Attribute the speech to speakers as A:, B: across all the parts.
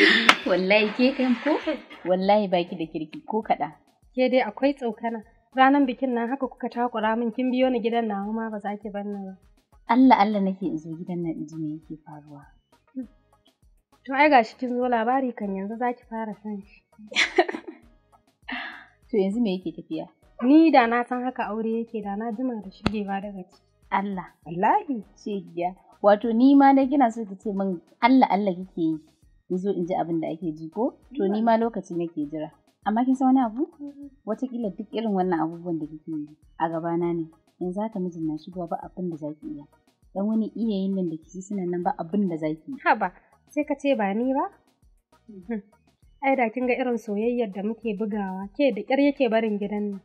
A: wallahi ke kan ko wallahi baki da kirki ko kada
B: ke dai akwai tsokana ranar bikin nan haka kuka takura min kin biyo ni gidan nawa ma ba za ki bar ba
A: Allah Allah nake in zo gidan nan in ji me yake faruwa
B: to ai gashi kin zo labari kan yanzu za ki fara san shi to yanzu me yake tafiya ni da na san haka aure yake da na jima da shigewa daga ciki Allah wallahi
A: ce giya wato ni ma na gina so ki ce min Allah Allah kike yi in zo in ji abin da ake ji ko to ni ma lokaci nake jira amma kin san wani abu watakila duk irin wannan abubuwan da kike yi a gabana ne yanzu haka mijin na shigowa ba abin da zaki iya dan wani iyayen nan da kike suna nan ba abin da zaki
B: ha ba sai ka ce ba ni ba hmm. ai da kin ga irin soyayyar da muke bugawa ke da kyar yake barin gidan nan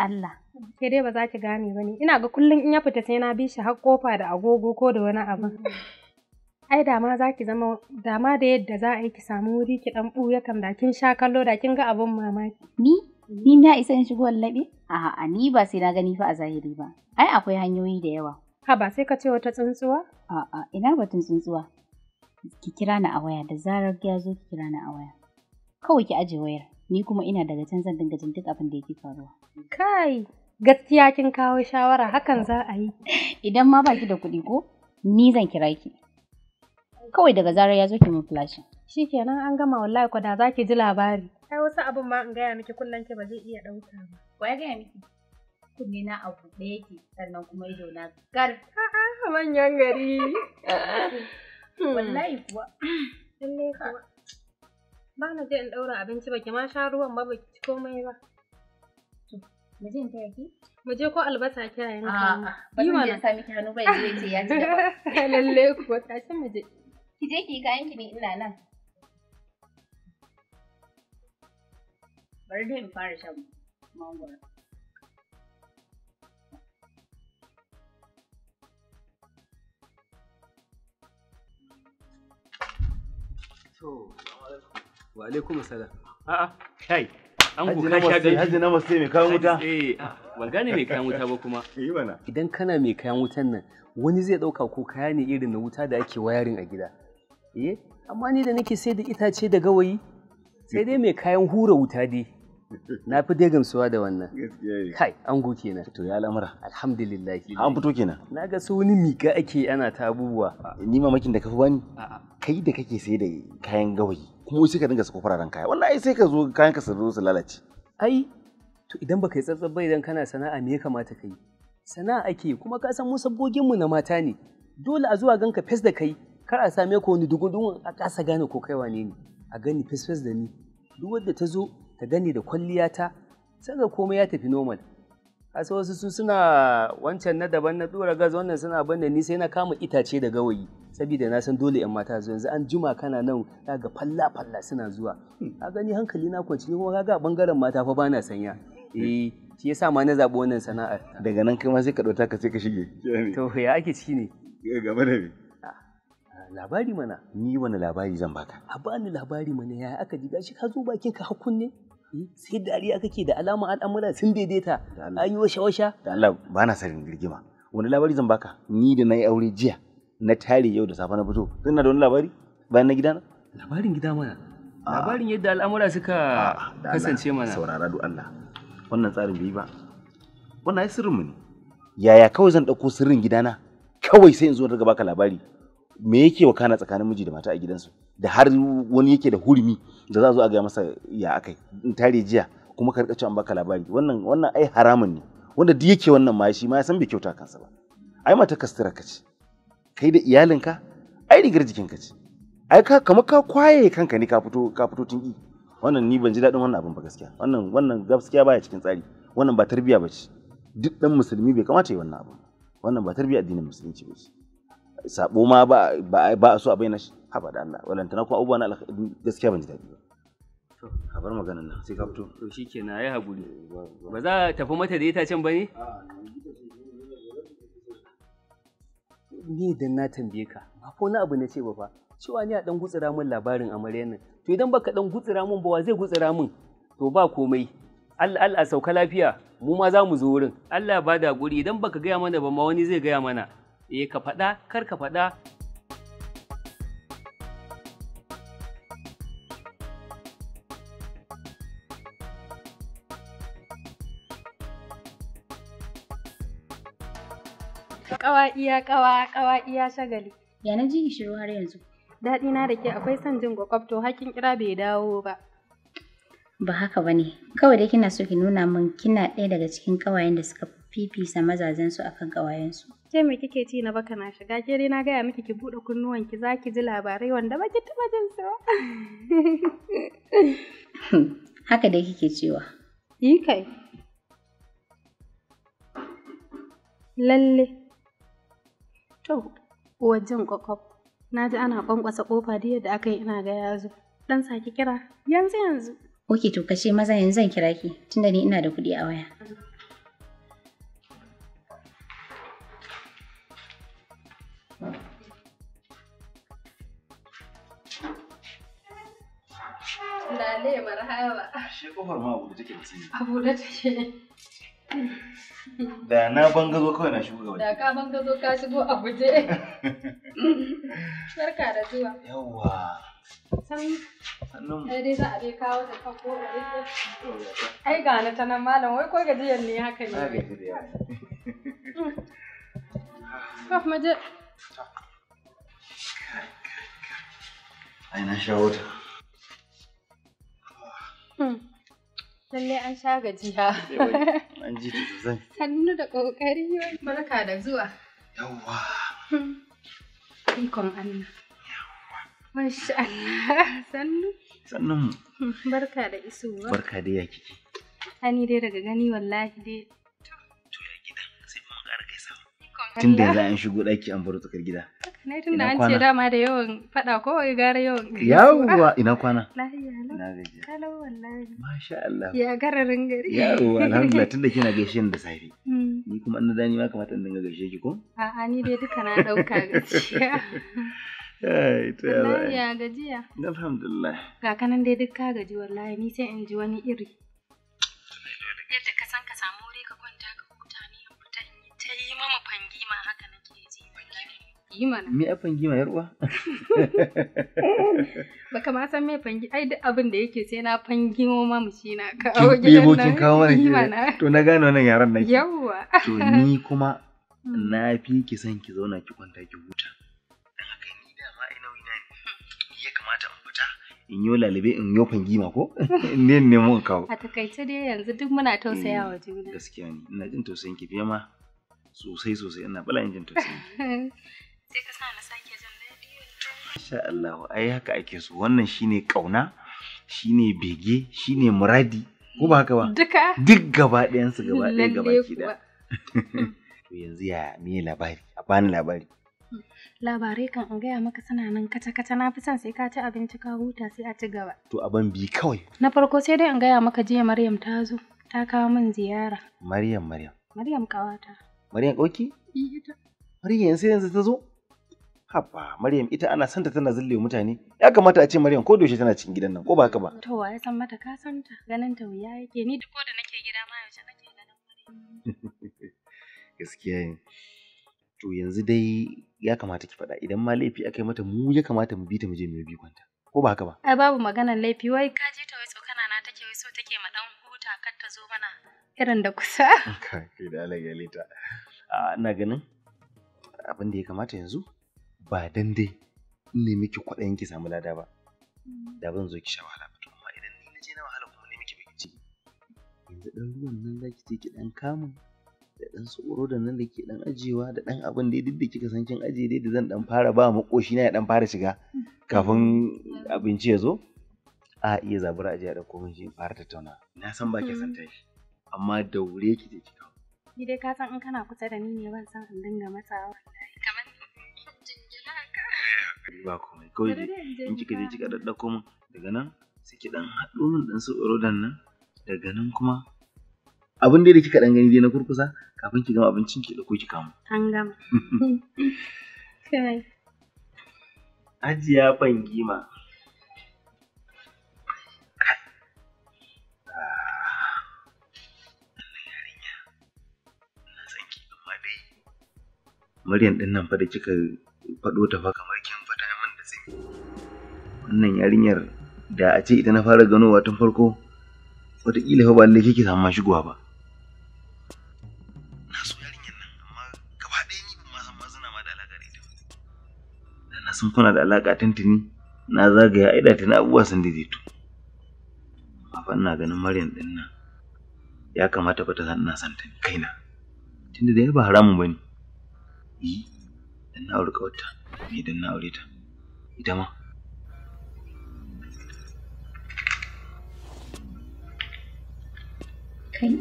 B: Allah ke dai ba za ki gane ba ne ina ga kullum in ya fita sai na bi shi har kofa da agogo ko da wani abu hmm. ai da ma za ki zama da da yadda za a yi ki samu wuri ki dan buya kan da kin sha kallo da kin ga abun mamaki ni ni na isa in shigo lallabe
A: a'a a ni ba sai na gani fa a zahiri ba ai akwai hanyoyi da yawa ha ba sai ka ce wata tsuntsuwa a'a ina batun tsuntsuwa ki kira ni a waya da zarar ya zo ki kira ni a waya kawai ki aje wayar ni kuma ina daga can zan dinga jin duk abin da yake faruwa
B: kai gaskiya kin kawo shawara hakan za a yi idan ma baki da kuɗi ko ni zan kira ki
A: kawai daga zarar ya zo ki mun flashin kenan an gama
B: wallahi ko da zaki ji labari kai wasu abin ma in gaya miki kullum ki ba zai iya dauka ba wa ya gaya
A: miki kunne na abu ɗaya yake sannan kuma ido na gar manyan gari wallahi
B: kuwa lalle kuwa ba na je in daura abinci ki ma sha ruwan ba baki ci komai ba mu je in taya ki mu je ko albasa ki yayin ka ba zan je sa miki hannu ba yace ya ci lalle kuwa tashin mu je ki je ki yi kayan ki ne ina nan
A: bari dai in fara shan mangoro
C: To,
D: wa alaikum salam. A'a, kai. An ku ka sha Haji na masu mai kayan wuta. Eh, ah, ban gane mai kayan wuta ba kuma. Eh bana. Idan kana mai kayan wutan nan, wani zai dauka ko kaya ne irin na wuta da ake wayarin a gida. eh amma ni da nake sai da itace da gawayi sai dai mai kayan hura wuta dai na fi dai gamsuwa da wannan kai an go kenan to ya lamura alhamdulillah an fito kenan na ga su wani mika ake ana
C: ta abubuwa ni mamakin da ka fi bani kai da kake sai da kayan gawayi kuma sai ka dinga sako fararen kaya wallahi sai ka zo kayan ka su su lalace ai to idan baka yi tsatsar
D: ba idan kana sana'a me ya kamata kai sana'a ake kuma ka san mu mu na mata ne dole a zuwa ganka fes da kai kar a same ku wani dugun a kasa gane ko kai wane ne a gani fesfes da ni duk wanda ta zo ta gani da kwalliya ta ga komai ya tafi normal kasa wasu su suna wancan na daban na dora gas wannan suna ban da ni sai na kama itace da gawayi saboda na san dole yan mata yanzu an juma kana nan ga falla falla suna zuwa hmm, a gani hankali na kwanci kuma kaga bangaren mata fa bana sanya eh shi yasa ma na zaɓi wannan sana'ar
C: daga nan kai ma sai ka dauka ka sai ka shige
D: to ya ake ciki ne eh, game da me labari mana ni wani labari zan baka a bani labari mana ya aka ji gashi ka zo bakin ka hakun ne eh, sai dariya kake da alama al'amura sun daidaita an yi washa washa
C: da Allah ba na sarin girgima wani labari zan baka ni da na yi aure jiya na tare yau da safe na fito zan na da wani labari bayan na gida na
D: labarin gida mana labarin yadda al'amura suka kasance mana saurara do Allah wannan tsarin bai ba
C: wannan ai sirrinmu ne yaya kawai zan ɗauko sirrin gidana kawai sai in zo daga baka labari me yake wakana tsakanin miji da mata a gidansu da har wani yake da hurumi da za zo a gaya masa ya akai in tare jiya kuma ka rika an baka labari wannan wannan ai haramun ne wanda duk yake wannan ma shi ma ya san bai kyauta kansa ba ai mata kastira ka kai da iyalinka ai rigar jikinka ce ai ka kamar ka kwaye kanka ne ka fito ka fito tun wannan ni ban ji daɗin wannan abin ba gaskiya wannan wannan gaskiya baya cikin tsari wannan ba tarbiya ba ce duk ɗan musulmi bai kamata ya wannan abu wannan ba tarbiya addinin musulunci ba ce sabo ma ba a so a bayyana shi haba da Allah na kuma abubuwa na gaskiya ban ji daɗi ba a bar maganar nan sai
D: ka fito to shikenan ai haguri eh, ba za a tafi mata da ita can ba ne ni idan na tambaye ka ba ko na abu na ce ba fa cewa ni a dan gutsira min labarin amarya nan to idan baka dan gutsira min ba wa zai gutsira min to ba komai Allah Allah sauka lafiya mu ma za mu zo wurin Allah ya bada guri idan baka gaya mana ba ma wani zai gaya mana eh ka faɗa kar ka faɗa
B: Ƙawa iya ƙawa ƙawa iya shagali. Ya na ji shiru har yanzu. Daɗi na da ke akwai son jin gwakwabto hakin kira bai dawo ba.
A: Ba haka ba ne, kawai dai kina so ki nuna min kina ɗaya daga cikin ƙawayen da suka fifisa mazajen su akan ƙawayensu.
B: ke me kike ci na baka na shiga ke dai na gaya miki ki bude kunnuwan ki zaki ji labarai wanda baki taba jin su ba
A: haka dai kike cewa
B: yi kai lalle to wajen kwakwaf na ji ana kwankwasa kofa da yadda aka yi ina ga yazo dan saki kira yanzu yanzu
A: Oke to kashe maza yanzu zan kira ki tunda ni ina da kuɗi a waya.
B: Lale marhaba. kofar
C: ma abu da take da tsini.
B: Abu da take.
C: Da na bangazo kawai na shigo waje.
B: Da ka ka shigo a guje. Barka da zuwa.
C: Yawwa.
B: Sannu. dai za a dai kawo da kan Ai ga na ta nan malam wai ko gajiyar ne haka ne. Na Kaf ah, maje.
C: Ai na sha wata.
B: Hmm. Lalle an sha gajiya. An ji da sosai. Hannu da ƙoƙari Barka da zuwa. Yawwa. Hmm. Ikon Allah. Yawwa. Masha Allah. Sannu. Sannu. Hmm, barka da isowa. Barka da yaki. kike. Ani dai daga gani wallahi dai tun da yanzu an
C: shigo ɗaki an baro tsakar gida.
B: Ne tun da an ce dama da yawan faɗa ko gara yawan. Yawwa ah, ina kwana. Lafiya lau. Na Kalau wallahi. Masha Allah. Ya gararin gari. Yawwa alhamdulillah tun
C: da kina gaishe ni da safe. Mm. Ni kuma an na dani ma kamata in dinga gaishe ki ko?
B: A'a ni dai duka na ɗauka gajiya.
C: gaskiya. Lafiya gajiya. Alhamdulillah.
B: Ga kanan dai duk ka gaji wallahi ni sai in ji wani iri. yi mana. Me
C: fangi ma yarwa?
B: Baka ma san me fangi ai duk abin da yake sai na fangi ma mu shi na kawo gidan nan. Kin kawo mana ke.
C: To na gane wannan yaran nake.
B: Yawwa. To ni kuma mm.
C: na fi ki san ki zauna ki kwanta ki huta.
B: Dan haka ni da ma ina wina ne. Ya
C: kamata in fita in yo lalube in yo fangi ma ko? Ne ne mu kawo.
B: A takaice dai yanzu duk muna tausaya wa juna. Mm, gaskiya
C: ne ina jin tausayin ki fiye ma sosai sosai ina bala jin
B: tausayin sai ka sa na sake
C: jin Masha Allah ai haka ake so wannan shine kauna shine bege shine muradi ko ba haka ba
B: duka duk
C: gaba ɗayan su gaba ɗaya gaba ki da to yanzu ya me labari a bani labari
B: labarai kan an gaya maka suna nan kaca-kaca na fi son sai ka ci abinci ka huta sai a ci gaba.
C: To ban bi kawai.
B: Na farko sai dai in gaya maka jiya Maryam ta zo ta kawo min ziyara.
C: Maryam Maryam.
B: Maryam kawata. Maryam ɗauki? Eh,
C: Maryam sai yanzu ta zo? Haba, Maryam ita ana santa tana zulle mutane. Ya kamata a ce Maryam ko yaushe tana cikin gidan nan, ko ba haka ba?
B: To wa ya san mata ka san ta, ganin ta wuya yake ni duk da nake gida ma yaushe nake ganin
C: Maryam. Gaskiya ne. To yanzu dai ya kamata ki faɗa idan ma laifi aka yi mata mu ya kamata mu bi ta mu je mu bi kwanta. Ko ba haka ba?
B: Ai babu maganar laifi wai ka je ta wai tsokana na take wai so take ma dan huta kar ta zo mana irin da kusa.
C: Kai da Allah ya lita. Ah, ina ganin abin da ya kamata yanzu ba dan dai in nemi ki kwaɗayin ki samu lada ba mm. da ban zo ki sha wahala ba to amma idan ni na je na wahala kuma ne ki bakin ciki yanzu dan ruwan nan zaki ce ki dan kamun da ɗan tsoro da nan da ke ɗan ajiyewa da ɗan abin da duk da kika san kin ajiye dai da zan ɗan fara ba makoshi na ya ɗan fara shiga kafin abinci ya zo a iya zabura a da komai shi fara tattauna na san ba ke san mm. tashi amma daure ki je ki kawo
B: ni dai ka san in kana kusa da ni ne ban san in dinga matsawa wallahi
C: ba komai kawai dai in kika je kika daddako min daga nan sai ki dan haɗo min dan su rodan nan daga nan kuma abin da kika dan gani dai na kurkusa kafin ki gama abincin ki dauko ki kamo
B: an gama kai
C: ajiya fangima ah. Maryam ɗin nan fa da kika faɗo ta fa kamar kin wannan yarinyar da a ce ita na fara ganowa tun farko wataƙila fa ba lallai kike samu shigowa ba na so yarinyar nan amma gaba ɗaya ni ban ma san ma suna ma da alaƙa da ita da na san kuna da alaƙa tuntuni na zagaya ai da tuni abubuwa sun daidaito amma fa ina ganin Maryam ɗin nan ya kamata fa ta san ina son ta kaina tunda da ya ba haramun bane yi dan na aure kawarta me dan na aure ta ita ma
A: Okay.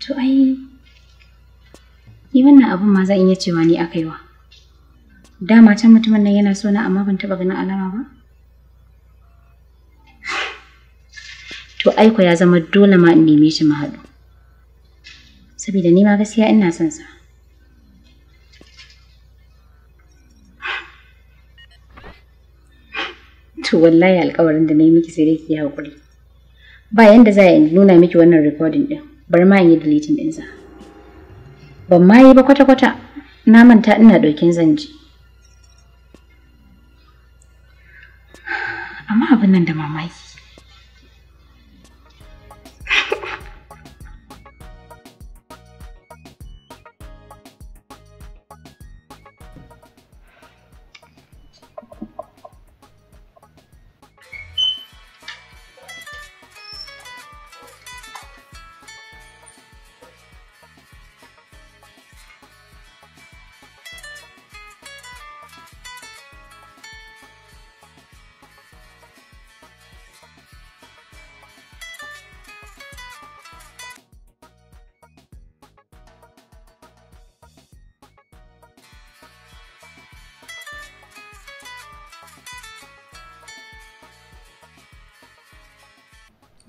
A: to ai ni wannan abun ma in iya cewa ni aka yi wa dama can mutumin nan yana so na amma ban taɓa ganin alama ba to aiko ya zama dole ma in neme shi mu saboda ni ma gaskiya ina son sa to wallahi alƙawarin da na yi miki sai dai ki yi haƙuri ba yanda za a nuna miki wannan recording din bari ma in yi deleting ɗinsa ban ma yi ba kwata-kwata na manta ina ɗaukin ji. amma abin nan da mamaki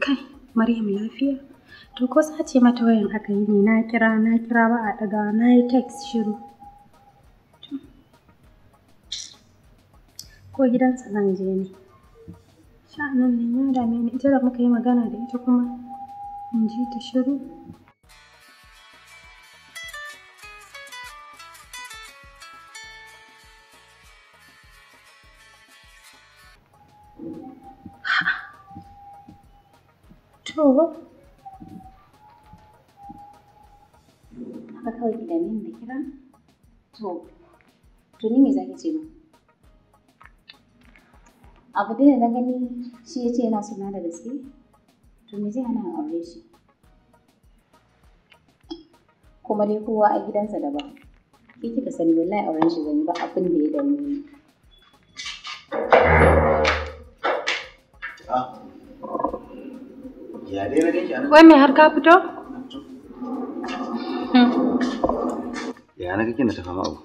B: Kai, Maryam lafiya? To ko sace mata wayan aka yi ne na kira na kira ba a daga na yi text shiru. Ko gidansa zan je ne. Sha'anin ne ya dame ni ita da muka yi magana da ita kuma in ji ta shiru.
A: kyau ba haka kawai ki da kira to ni me zaki ce min abu dai da na gani shi ya ce yana suna da gaske to me zai hana in aure shi kuma dai kowa a gidansa daban ke kika sani wallahi auren shi ba abin da ya dame ni
C: Ya
B: Wai mai har ka fito? Hmm.
C: Yana na kake na tafa ma'u.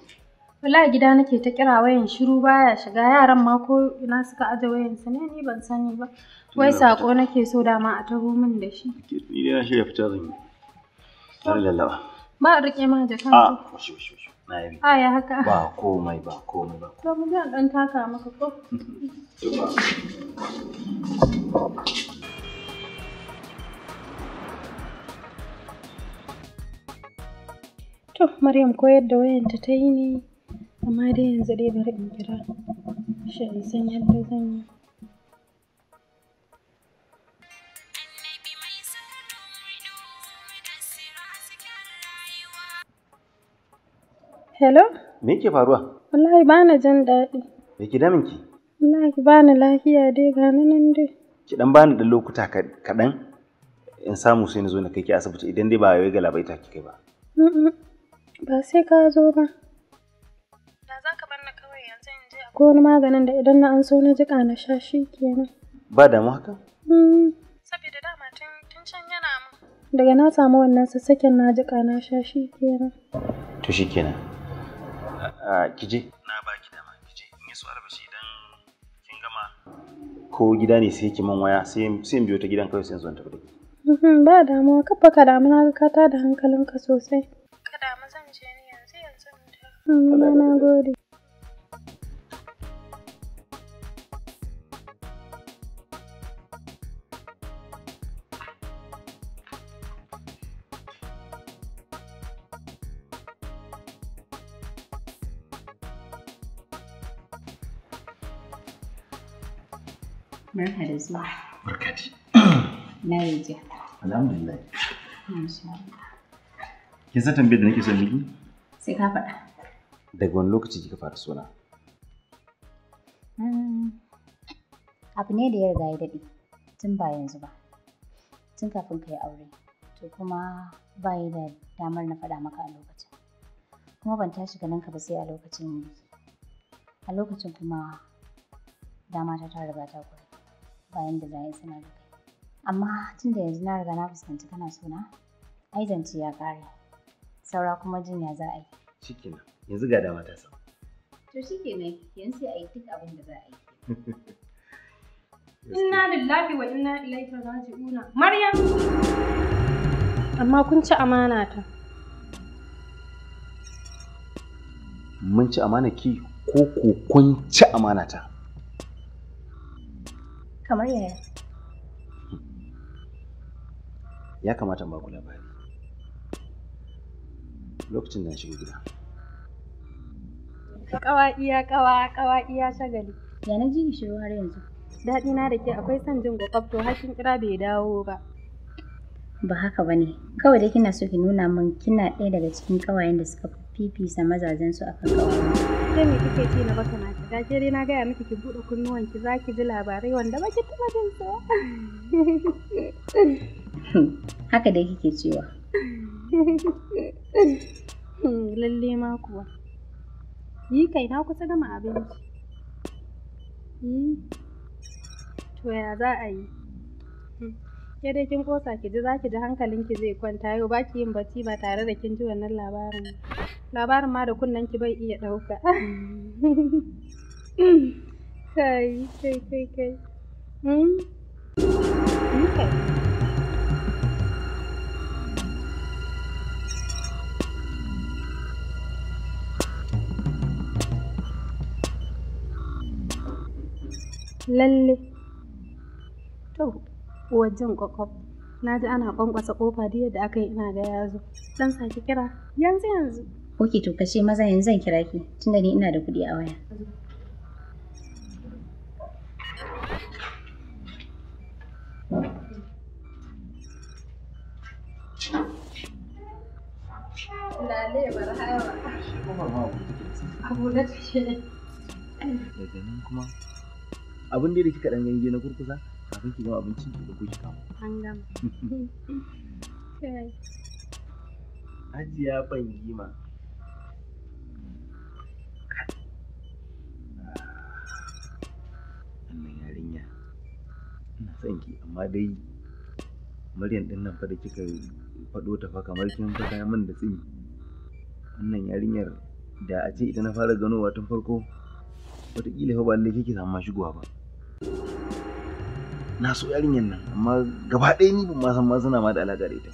B: Wallahi gida nake ta kira wayan shiru baya shiga yaran ma ko ina suka aje wayan su ne ni ban sani ba. Wai sako nake so dama a taho min da shi. Ni
C: dai na shirya fita zan yi. Har lallaba.
B: Ba a rike ma jakan. A,
C: ah, shi shi shi. Na
B: yi. A ah, ya haka. Ba
C: komai ba komai ba.
B: To mu zan dan taka maka ko. To Maryam koyar da wayanta ta yi ne, amma dai yanzu dai bari in kira shi in san yadda zan yi.
C: Hello? Me yake faruwa?
B: Wallahi ba na jin daɗi. Me ke damin ki? Wallahi ba na lafiya dai ga nan dai.
C: Ki dan bani da lokuta kaɗan in samu sai na zo na kai ki asibiti idan dai ba wai galabaita ki kai ba.
B: Ba sai ka zo ba. Da za ka bar na kawai yanzu in je akwai wani maganin da idan na an so na jiƙa na sha shi kenan.
C: Ba da mu haka?
B: Mm. Saboda dama tun can yana mu. Daga na samu wannan sassaken na jiƙa na sha shi kenan.
C: To shi kenan. Ki je. Na ba ki dama kije in yi su albashi idan kin gama. Ko gida ne sai ki man waya sai in biyo ta gidan kawai sai in zo in tafi da ki.
B: Mm-hmm, ba damuwa kafa ka damu na ka tada hankalinka sosai.
A: Na gode. Barka da zuwa. Barka ji. Na yi jiya. Alhamdulillah. Masha Allah.
C: Kin san tambayar da nake son miki?
A: Sai ka faɗa.
C: daga wani lokaci kika fara suna
A: hmm, abu ne da ya riga ya daɗe tun ba yanzu ba tun kafin ka yi aure to kuma ba yi da damar na faɗa maka a lokacin kuma ban tashi ganin ka ba sai a lokacin biki a lokacin kuma dama ta ta riga ta kure bayan da za yi sanar da kai amma tun da yanzu na riga na fuskanci kana suna ai zance ya ƙare saura kuma jin ya za a yi
C: shikenan yanzu ga dama ta samu
B: to shikenan yanzu sai a yi duk abin da za a yi inna lillahi wa inna ilaihi raji'una maryam amma kun ci amana ta
C: mun ci amana ki ko ko kun ci amana ta kamar yaya ya kamata ba ku labari lokacin da ya shiga gida
B: kawa iya kawa kawa iya shagali ya na ji shiru har yanzu daɗi na da ke akwai son jin gwakwabto har kira bai dawo ba
A: ba haka bane kawai dai kina so ki nuna min kina ɗaya daga cikin kawayen da suka fifisa mazajen su akan kawayen
B: sai me kike ce na baka na ta dai na gaya miki ki buɗe kunnuwan ki zaki ji labarai wanda ba ki taɓa jin su
A: haka dai kike cewa
B: Lalle ma kuwa. Yi kai na kusa gama abinci. To ya za a yi? ya dai kin kosa ki ji za ki ji ki zai kwanta yau ba ki yin bacci ba tare da kin ji wannan labarin. Labarin ma da kunnen ki bai iya ɗauka. Kai, kai, kai, kai. Hmm? lalle. To, uwar jin ƙwaƙwaf. Na ji ana ƙwanƙwasa ƙofa duk yadda aka yi ina ga ya zo. sa sake kira yanzu yanzu.
A: Ok, to kashe maza yanzu zan kira ki tunda ni ina da kuɗi a waya.
B: Abu da Daga
C: nan kuma abin da kika dan ganje na kurkusa kafin ki gama abinci ki dauko ki kama an gama ajiya ban gima wannan yarinya ina son ki amma dai muryan din nan fa da kika faɗo ta fa kamar kin faɗa min da tsini wannan yarinyar da a ce ita na fara ganowa tun farko wataƙila fa ba lallai kike samu shigowa ba na so yarinyar nan amma gaba ɗaya ni ban san ma suna ma da alaƙa da ita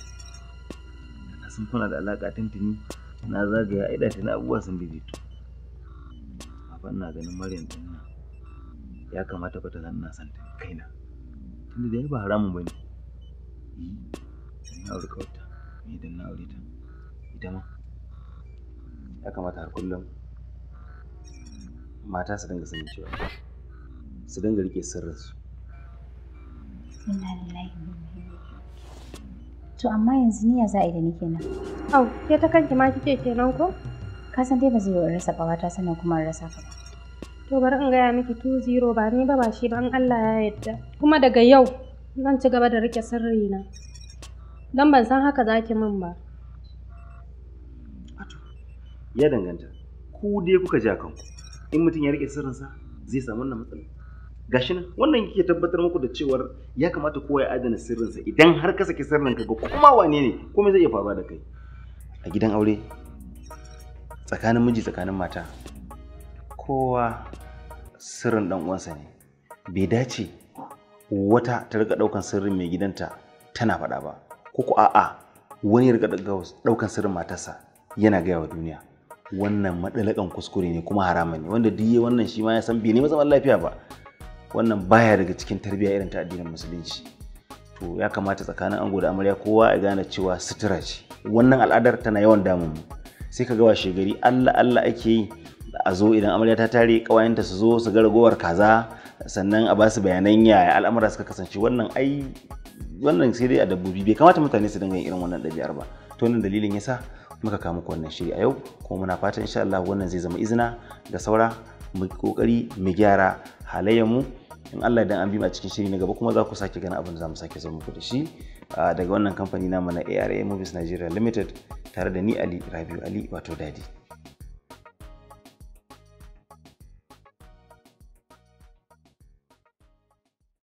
C: na san kuna da alaƙa tuntuni na zagaya ai da tana abubuwa sun bi daidaito amma ina ganin Maryam din nan ya kamata ba ta san ina san ta kaina tunda da ba haramun bane na aure kawta ni dan na aure ta ita ma ya kamata har kullum mata su dinga sanin cewa su dinga rike sirrinsu
A: to amma yanzu ni ya za a yi da ni kenan au ke ta kanki ma kike kenan ko ka san dai ba zai yi rasa kawata sannan kuma rasa ka ba
B: to bari in gaya miki 2-0 ba ni ba ba shi ba in Allah ya yarda kuma daga yau zan ci gaba da rike sirri na don ban san haka zaki min ba
C: ya danganta ku dai kuka ja kanku in mutum ya rike sirrinsa zai samu wannan matsala gashi nan wannan yake tabbatar muku da cewar ya kamata kowa ya adana sirrinsa idan har ka saki ka ga kuma wane ne komai zai iya faruwa da kai a gidan aure tsakanin miji tsakanin mata kowa sirrin dan uwansa ne bai dace wata ta riga daukan sirrin mai gidanta tana faɗa ba ko ko a'a wani riga daukan sirrin matarsa yana gaya wa duniya wannan madalakan kuskure ne kuma haramun ne wanda duk wannan shi ma ya san bai neman zaman lafiya ba wannan baya daga cikin tarbiyya irin ta addinin musulunci to ya kamata tsakanin ango da amarya kowa ya gane cewa sutura ce wannan al'adar tana yawan damun mu sai ka ga shegari Allah Allah ake yi a zo idan amarya ta tare kawayenta su zo su ga ragowar kaza sannan a ba bayanan yaya al'amura suka kasance wannan ai wannan sai dai a dabbobi bai kamata mutane su dinga irin wannan ɗabi'ar ba to wannan dalilin yasa muka kawo muku wannan shiri a yau kuma muna fatan insha Allah wannan zai zama izina ga saura mu kokari mu gyara halayen mu in Allah dan an bi a cikin shiri na gaba kuma za ku sake ganin abin da za mu sake zama muku da shi daga wannan kamfani na mana ARA Movies Nigeria Limited tare da ni Ali Rabiu Ali wato Dadi.